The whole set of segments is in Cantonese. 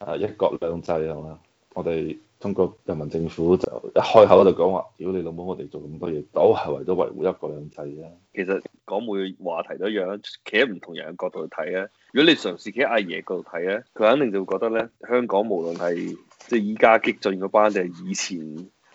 啊！一國兩制係嘛？我哋中國人民政府就一開口就講話，屌你老母！我哋做咁多嘢都係為咗維護一國兩制啊！其實講每樣話題都一樣，企喺唔同人嘅角度去睇咧。如果你嘗試企喺阿爺角度睇咧，佢肯定就會覺得咧，香港無論係即係依家激進嗰班定係以前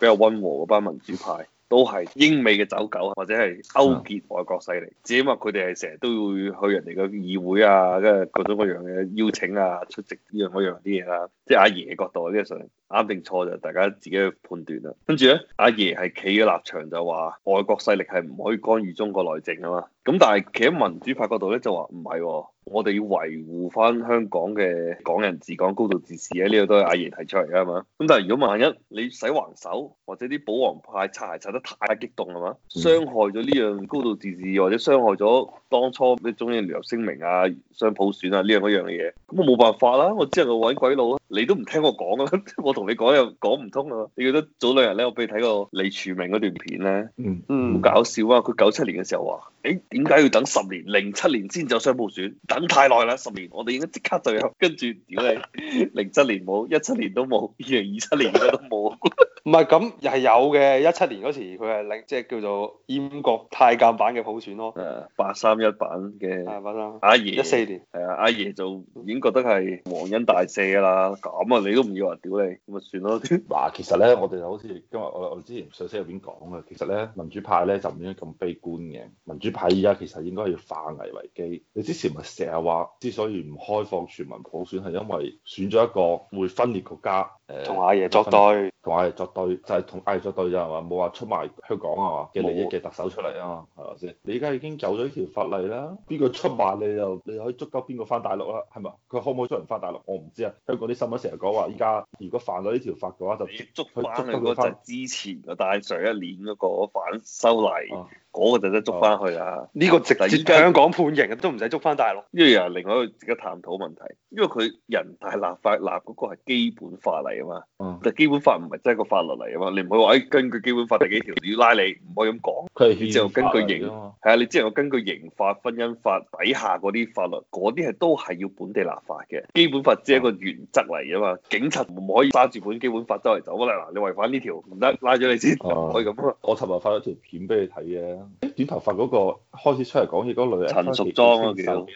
比較温和嗰班民主派。都係英美嘅走狗，或者係勾結外國勢力。只係因為佢哋係成日都會去人哋嘅議會啊，跟住各種各樣嘅邀請啊、出席呢樣嗰樣啲嘢啦。即係阿爺嘅角度，跟住上啱定錯就大家自己去判斷啦。跟住咧，阿爺係企嘅立場就話外國勢力係唔可以干預中國內政啊嘛。咁但係企喺民主派角度咧，就話唔係喎。我哋要維護翻香港嘅港人治港高度自治啊！呢個都係阿爺提出嚟啊嘛。咁但係如果萬一你使橫手，或者啲保皇派擦鞋擦得太激動啊嘛，傷害咗呢樣高度自治，或者傷害咗當初啲中英聯合聲明啊、雙普選啊呢樣嗰樣嘢，咁我冇辦法啦，我只能夠揾鬼佬。你都唔聽我講啊！我同你講又講唔通啊！你覺得早兩日咧，我俾你睇過李柱銘嗰段片咧，嗯，好搞笑啊！佢九七年嘅時候話，誒、欸，點解要等十年？零七年先走商保選，等太耐啦！十年，我哋應該即刻就有。跟住屌你，零七年冇，一七年都冇，二零二七年都冇。 唔係咁，又係有嘅。一七年嗰時，佢係令即係叫做閹國太監版嘅普選咯。誒，八三一版嘅。阿爺。一四、啊、爺年。係啊，阿爺就已經覺得係皇恩大赦㗎啦。咁啊，你都唔要話、啊、屌你，咁咪算咯。嗱，其實咧，我哋就好似今日我我之前上車入邊講嘅，其實咧民主派咧就唔應該咁悲觀嘅。民主派而家其實應該要化危為機。你之前咪成日話，之所以唔開放全民普選係因為選咗一個會分裂國家。誒，同阿爺作對，同阿爺作對，就係同阿爺作對咋嘛？冇話出賣香港啊嘛嘅利益嘅特首出嚟啊，係咪先？你而家已經走咗呢條法例啦，邊個出賣你，你就你可以捉鳩邊個翻大陸啦，係咪？佢可唔可以捉人翻大陸？我唔知啊。香港啲新聞成日講話，依家如果犯咗呢條法嘅話，就捉佢。捉翻佢嗰陣之前嘅，但係上一年嗰個反修例。啊嗰個就得捉翻去啦，呢、啊、個直接香港判刑都唔使捉翻大陸，因為又另外一個值得探討問題，因為佢人大立法立嗰個係基本法嚟啊嘛，嗯、但基本法唔係真係個法律嚟啊嘛，你唔可以話根據基本法第幾條要拉你，唔可以咁講，你就根據刑係啊，啊，你只能夠根據刑法、婚姻法底下嗰啲法律，嗰啲係都係要本地立法嘅，基本法只係一個原則嚟啊嘛，警察唔可以揸住本基本法周圍走啦，嗱、啊、你違反呢條唔得，拉咗你先可以咁。啊啊、我尋日發咗條片俾你睇嘅。誒短頭髮嗰個開始出嚟講嘢嗰女人，陳淑莊啊幾好？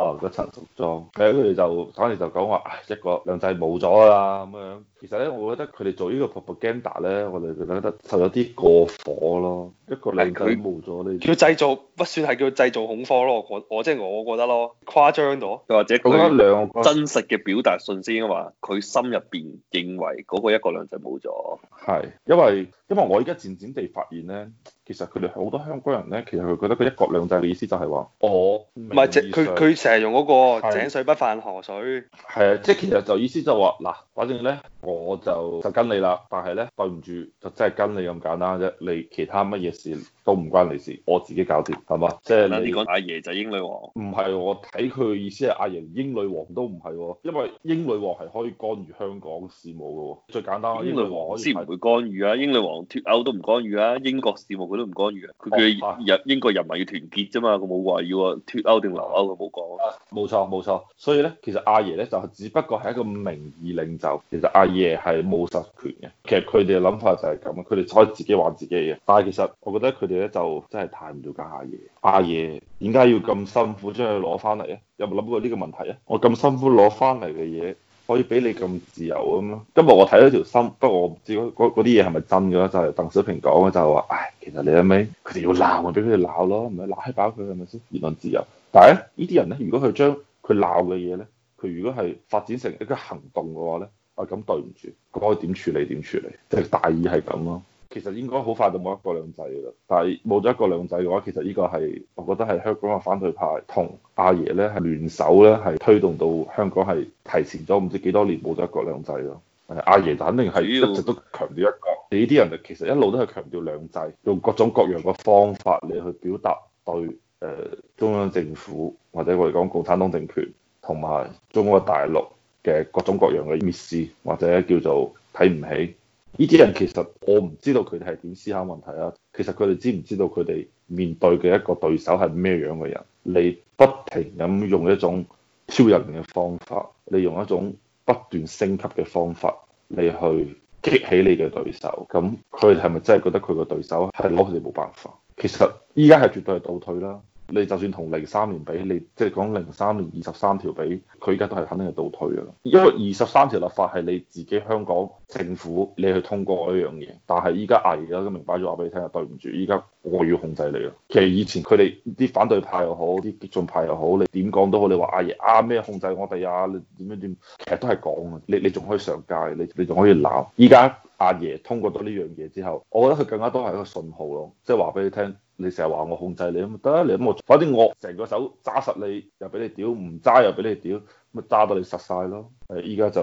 哦，個陳淑莊，誒佢哋就反正就講話，話、哎，一個兩制冇咗啊啦，咁樣。其實咧，我覺得佢哋做呢個 propaganda 咧，我哋覺得就有啲過火咯。一國兩制冇咗，呢，佢製造不算係叫製造恐慌咯。我我即係我覺得咯，誇張咗又或者佢真實嘅表達信先啊嘛。佢心入邊認為嗰個一國兩制冇咗，係因為因為我而家漸漸地發現咧，其實佢哋好多香港人咧，其實佢覺得佢一國兩制嘅意思就係話我唔係井，佢佢成日用嗰個井水不犯河水係啊，即係其實就意思就話嗱，反正咧。我就就跟你啦，但係咧對唔住，就真係跟你咁簡單啫。你其他乜嘢事都唔關你事，我自己搞掂係嘛？即係嗱，就係、你講阿爺就係英女王，唔係、哦、我睇佢嘅意思係阿爺英女王都唔係、哦，因為英女王係可以干預香港事務嘅、哦。最簡單，英女王先唔會干預啊，英女王脫歐都唔干預啊，英國事務佢都唔干預、啊。佢叫佢英國人民要團結啫嘛，佢冇話要脫、啊、歐定留歐，佢冇講。冇、啊、錯冇錯，所以咧其實阿爺咧就只不過係一個名義領袖，其實阿。嘢係冇實權嘅，其實佢哋嘅諗法就係咁，佢哋可以自己話自己嘅。但係其實我覺得佢哋咧就真係太唔瞭解下爺，阿爺點解要咁辛苦將佢攞翻嚟啊？有冇諗過呢個問題啊？我咁辛苦攞翻嚟嘅嘢，可以俾你咁自由咁啊？今日我睇咗條新聞，不過我唔知嗰啲嘢係咪真嘅就係鄧小平講嘅，就係話：唉，其實你阿妹，佢哋要鬧我俾佢哋鬧咯，咪鬧嗨飽佢係咪先言論自由？但係咧，呢啲人咧，如果佢將佢鬧嘅嘢咧，佢如果係發展成一個行動嘅話咧，啊咁對唔住，該點處理點處理，即係、就是、大意係咁咯。其實應該好快就冇一國兩制㗎啦，但係冇咗一國兩制嘅話，其實呢個係我覺得係香港嘅反對派同阿爺呢係聯手呢，係推動到香港係提前咗唔知幾多年冇咗一國兩制咯。阿爺肯定係一直都強調一國，你啲人其實一路都係強調兩制，用各種各樣嘅方法嚟去表達對誒、呃、中央政府或者我哋講共產黨政權同埋中國大陸嘅各種各樣嘅蔑視或者叫做睇唔起，呢啲人其實我唔知道佢哋係點思考問題啊。其實佢哋知唔知道佢哋面對嘅一個對手係咩樣嘅人？你不停咁用一種挑釁嘅方法，你用一種不斷升級嘅方法，你去激起你嘅對手，咁佢哋係咪真係覺得佢個對手係攞佢哋冇辦法？其實依家係絕對係倒退啦。你就算同零三年比，你即係講零三年二十三條比，佢而家都係肯定係倒退㗎喇。因為二十三條立法係你自己香港政府你去通過一樣嘢，但係依家阿爺啊咁明擺咗話俾你聽啊，對唔住，依家我要控制你啦。其實以前佢哋啲反對派又好，啲激進派又好，你點講都好，你話阿爺啊咩控制我哋啊，你點樣點，其實都係講啊。你你仲可以上街，你你仲可以鬧。依家。阿爺通過到呢樣嘢之後，我覺得佢更加多係一個信號咯，即係話俾你聽，你成日話我控制你，咁得啦，你咁我，反正我成個手揸實你，又俾你屌，唔揸又俾你屌，咪揸到你實晒咯。誒，依家就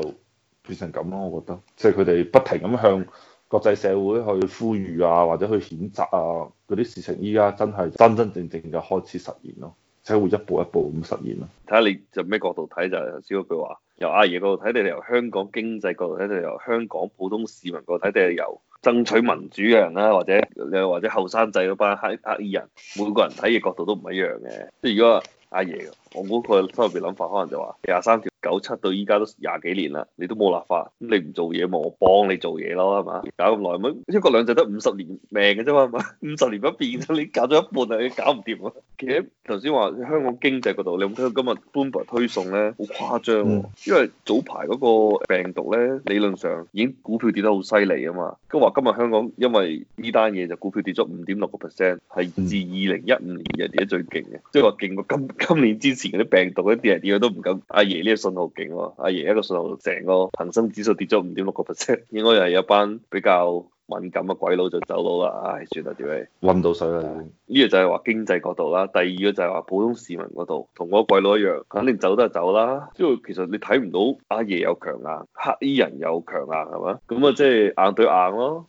變成咁咯，我覺得，即係佢哋不停咁向國際社會去呼籲啊，或者去譴責啊，嗰啲事情依家真係真真正正嘅開始實現咯，即係會一步一步咁實現咯。睇下你就咩角度睇就頭先句話。由阿爺嗰度睇，定由香港經濟角度睇，定由香港普通市民角度睇，定由爭取民主嘅人啦、啊，或者又或者後生仔嗰班黑黑衣人，每個人睇嘅角度都唔一樣嘅。即係如果阿爺，我估佢心入邊諗法可能就話廿三條。九七到依家都廿幾年啦，你都冇立法，咁你唔做嘢，咪我幫你做嘢咯，係嘛？搞咁耐，咪，一國兩制得五十年命嘅啫嘛，五十年不變，你搞咗一半啊，你搞唔掂啊！其實頭先話香港經濟嗰度，你有冇睇到今日 Bloomberg 推送咧？好誇張喎、哦，因為早排嗰個病毒咧，理論上已經股票跌得好犀利啊嘛，咁話今日香港因為呢單嘢就股票跌咗五點六個 percent，係自二零一五年人哋面最勁嘅，即係話勁過今今年之前嗰啲病毒一啲嚟跌去都唔夠阿爺呢個好勁阿爺一個信號，成個恒生指數跌咗五點六個 percent，應該又係一班比較敏感嘅鬼佬就走佬啦。唉，算啦，點計搵到水啦？呢個就係話經濟角度啦。第二個就係話普通市民嗰度，同嗰個鬼佬一樣，肯定走得走啦。因為其實你睇唔到阿爺有強硬，黑衣人有強硬，係咪？咁啊，即係硬對硬咯。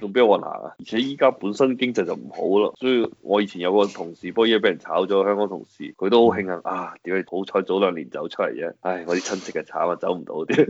仲邊我雲啊？而且依家本身經濟就唔好咯，所以我以前有一個同事，波嘢俾人炒咗，香港同事，佢都好慶幸啊！點解好彩早兩年走出嚟啫？唉，我啲親戚就慘，啊，走唔到啲。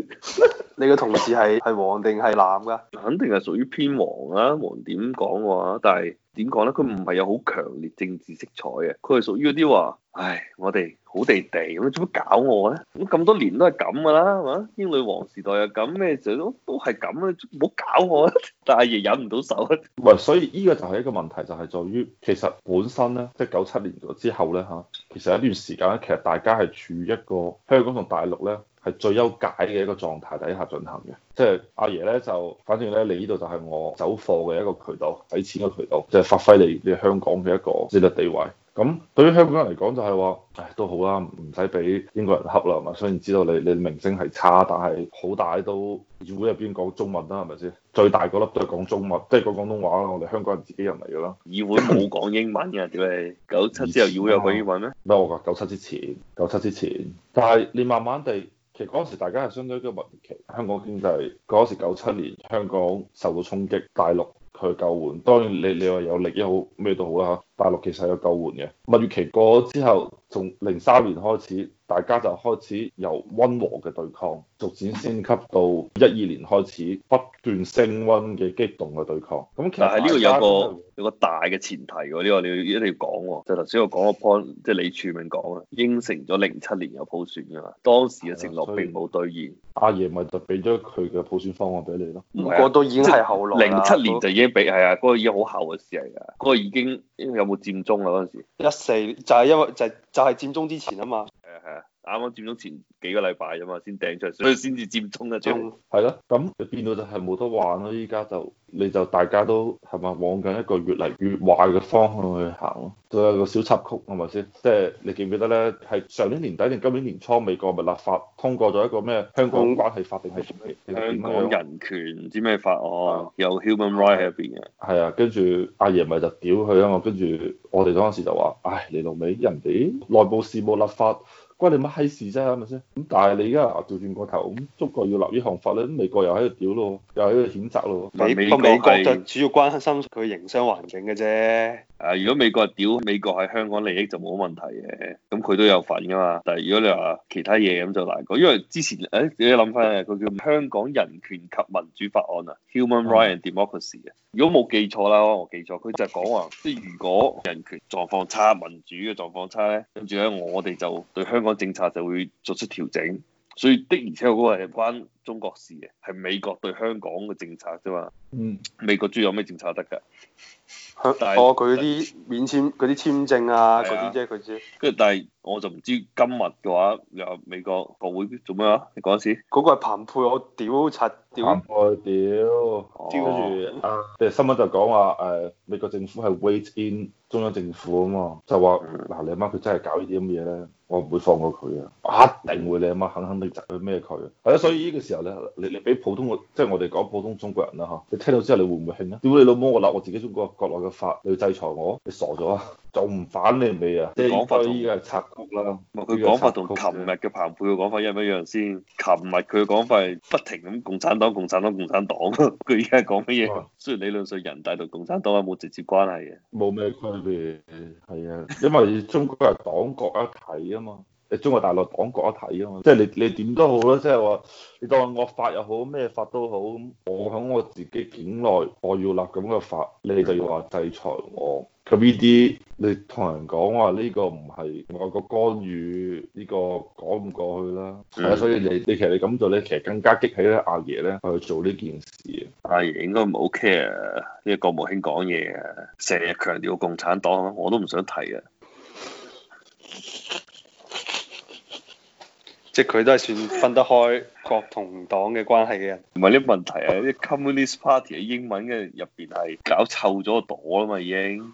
你個同事係係黃定係藍噶？肯定係屬於偏黃啊！黃點講話，但係點講咧？佢唔係有好強烈政治色彩嘅，佢係屬於嗰啲話。唉，我哋好地地咁，做乜搞我咧？咁咁多年都係咁噶啦，係嘛？英女王時代又咁咩，成日都都係咁，唔好搞我啊！但係阿爺忍唔到手啊！係，所以呢個就係一個問題，就係在於，其實本身咧，即係九七年咗之後咧，吓，其實一段時間咧，其實大家係處於一個香港同大陸咧係最優解嘅一個狀態底下進行嘅，即係阿爺咧就，反正咧你呢度就係我走貨嘅一個渠道，洗錢嘅渠道，即係發揮你你香港嘅一個戰略地位。咁對於香港人嚟講就係話，唉都好啦，唔使俾英國人恰啦，係咪？雖然知道你你名聲係差，但係好大都議會入邊講中文啦，係咪先？最大嗰粒都係講中文，即係講廣東話啦，我哋香港人自己人嚟㗎啦。議會冇講英文嘅，點解？九七之後議會有講英文咩？咩我講九七之前，九七之前，但係你慢慢地，其實嗰時大家係相對一個蜜月期，香港經濟嗰時九七年香港受到衝擊，大陸。去救援，當然你你話有力也好，咩都好啦嚇。大陸其實係有救援嘅，蜜月期過咗之後，從零三年開始。大家就開始由溫和嘅對抗，逐漸升級到一二年開始不斷升溫嘅激動嘅對抗。咁其實係呢個有個、就是、有個大嘅前提喎、啊，呢、這個你要一定要講喎、啊。就頭先我講個 point，即係李柱銘講啊，應承咗零七年有普選㗎嘛，當時嘅承諾並冇兌現。阿爺咪就俾咗佢嘅普選方案俾你咯。唔過都已經係後來零七年就已經俾係啊，嗰我、那個已經好後嘅事嚟㗎。嗰、那個已經、那個、有冇佔中啊？嗰陣時一四就係因為就是、就係、是、佔中之前啊嘛。啱啱佔咗前幾個禮拜啫嘛，先掟出嚟，所以先至佔中一張，係咯、嗯，咁變到就係冇得玩咯。依家就你就大家都係咪往緊一個越嚟越壞嘅方向去行咯。仲有個小插曲係咪先？即係你記唔記得咧？係上年年底定今年年初，美國咪立法通過咗一個咩香港關係法定係咩香港人權唔知咩法案，的有 human right 喺入邊嘅。係啊，跟住阿爺咪就屌佢啊嘛。跟住我哋當時就話：，唉，你老味，人哋內部事務立法。關你乜閪事啫，係咪先？咁但係你而家調轉個頭，咁中國要立呢項法咧，咁美國又喺度屌咯，又喺度譴責咯。美美國就主要關心佢營商環境嘅啫。誒，如果美國係屌美國喺香港利益就冇問題嘅，咁佢都有份噶嘛。但係如果你話其他嘢咁就難過，因為之前誒自己諗翻佢叫《香港人權及民主法案》啊，《Human Right and Democracy》啊。如果冇記錯啦，我記錯，佢就係講話，即係如果人權狀況差、民主嘅狀況差咧，跟住咧我哋就對香港。政策就會作出調整，所以的而且確係關中國事嘅，係美國對香港嘅政策啫嘛。嗯，美國主要有咩政策得㗎？香港佢啲免簽嗰啲簽證啊，嗰啲啫，佢知、啊。跟住就但係我就唔知今日嘅話又美國國會做咩啊？你講先。嗰個係彭佩奧，我屌柒，屌、哦。屌，跟住。啊，即係新聞就講話誒，美國政府係 wait in 中央政府啊嘛，就話嗱、嗯、你阿媽佢真係搞呢啲咁嘅嘢咧，我唔會放過佢啊，一定會你阿媽，狠狠地窒佢咩。係啊，所以呢個時候咧，你你俾普通即係我哋講普通中國人啦吓、啊，你聽到之後你會唔會興啊？屌你老母，我鬧我自己中國。國內嘅法律制裁我，你傻咗啊？就唔反你未啊？即係講法依家係拆局啦。佢講法同琴日嘅彭佩嘅講法一唔一樣先？琴日佢嘅講法係不停咁共產黨、共產黨、共產黨。佢而家講乜嘢？哇雖然理論上人大同共產黨係冇直接關係嘅，冇咩區別。係啊，因為中國係黨國一體啊嘛。 中國大陸黨國一睇啊嘛，即係你你點都好啦，即係話你當我法又好，咩法都好，我喺我自己境內我要立咁嘅法，你哋就要話制裁我。咁呢啲你同人講話呢個唔係外國干預，呢、呢個講唔過去啦。係啊、嗯，所以你你其實你咁做咧，其實更加激起阿爺咧去做呢件事。阿、啊、爺應該唔好 care 呢個國務卿講嘢嘅，成日強調共產黨，我都唔想提啊。即係佢都係算分得開國同黨嘅關係嘅，唔係啲 問題啊！啲 Communist Party 嘅英文嘅入邊係搞臭咗個朵啊嘛已經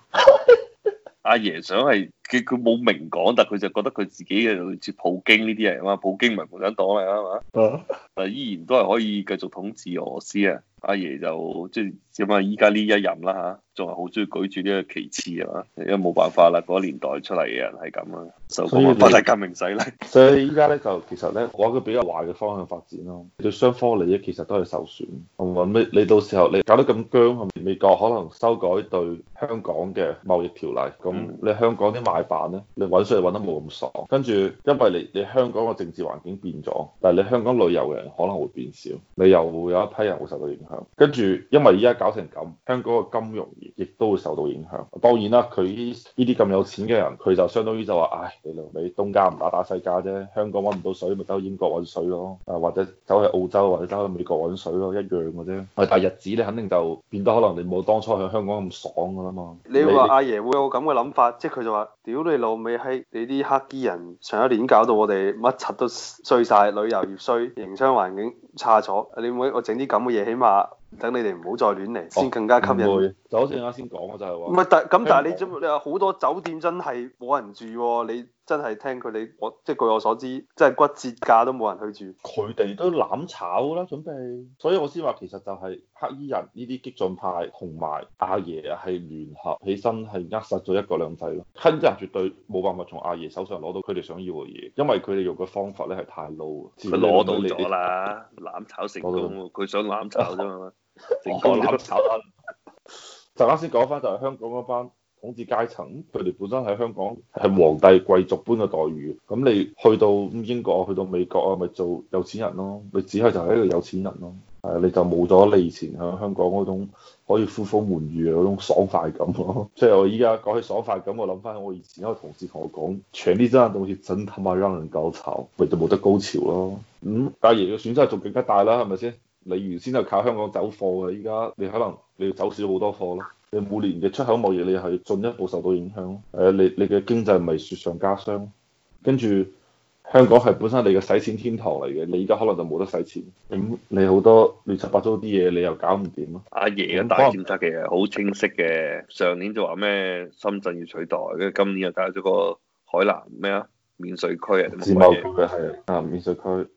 阿爺想係。佢冇明講，但佢就覺得佢自己嘅好似普京呢啲人啊嘛，普京唔係共產黨嚟啊嘛， 但依然都係可以繼續統治俄羅斯啊！阿爺就即係點啊，依家呢一任啦嚇，仲係好中意舉住呢個旗幟啊，嘛，因為冇辦法啦，嗰年代出嚟嘅人係咁啊，受以你革命洗禮，所以依家咧就其實咧往一個比較壞嘅方向發展咯，對雙方利益其實都係受損。同埋咩？你到時候你搞得咁僵，咪美國可能修改對香港嘅貿易條例，咁你香港啲大把咧，你揾水揾得冇咁爽，跟住因為你你香港嘅政治環境變咗，但係你香港旅遊嘅人可能會變少，你又會有一批人會受到影響，跟住因為依家搞成咁，香港嘅金融業亦都會受到影響。當然啦，佢呢啲咁有錢嘅人，佢就相當於就話，唉，你留俾東家唔打打西家啫，香港揾唔到水，咪走英國揾水咯，啊或者走去澳洲或者走去美國揾水咯，一樣嘅啫。但日子你肯定就變得可能你冇當初喺香港咁爽噶啦嘛。你話阿爺會有咁嘅諗法，即係佢就話、是。屌你老味閪！你啲黑衣人上一年搞到我哋乜柒都衰晒，旅遊業衰，營商環境差咗。你唔會我整啲咁嘅嘢，起碼～等你哋唔好再亂嚟，先更加吸引。就好似啱先講啊，就係話。唔、就、係、是，但係咁，但係聽 你點？我你話好多酒店真係冇人住，你真係聽佢哋，我即係據我所知，即係骨折價都冇人去住。佢哋都攬炒啦，準備。所以我先話其實就係黑衣人呢啲激進派同埋阿爺係聯合起身係扼實咗一國兩制咯。黑衣人絕對冇辦法從阿爺手上攞到佢哋想要嘅嘢，因為佢哋用嘅方法咧係太 low。佢攞到咗啦，攬炒成功，佢想攬炒啫嘛。 我諗炒單， 就啱先講翻，就係香港嗰班統治階層，佢哋本身喺香港係皇帝貴族般嘅待遇，咁你去到英國，去到美國啊，咪做有錢人咯，你只係就係一個有錢人咯，係，你就冇咗你以前喺香港嗰種可以呼風喚雨嗰種爽快感咯。即係我依家講起爽快感，我諗翻我以前一個同事同我講，搶啲真係好似真他媽讓人狗愁，咪就冇得高潮咯。咁當然嘅損失係仲更加大啦，係咪先？你原先就靠香港走貨嘅，依家你可能你要走少好多貨咯。你每年嘅出口貿易你係進一步受到影響，誒，你你嘅經濟咪雪上加霜咯。跟住香港係本身你嘅使錢天堂嚟嘅，你依家可能就冇得使錢，咁你好多亂七八糟啲嘢你又搞唔掂咯。阿爺咁大政策嘅，好清晰嘅。上年就話咩深圳要取代，跟住今年又加咗個海南咩啊免稅區啊，貿易區嘅係啊免稅區。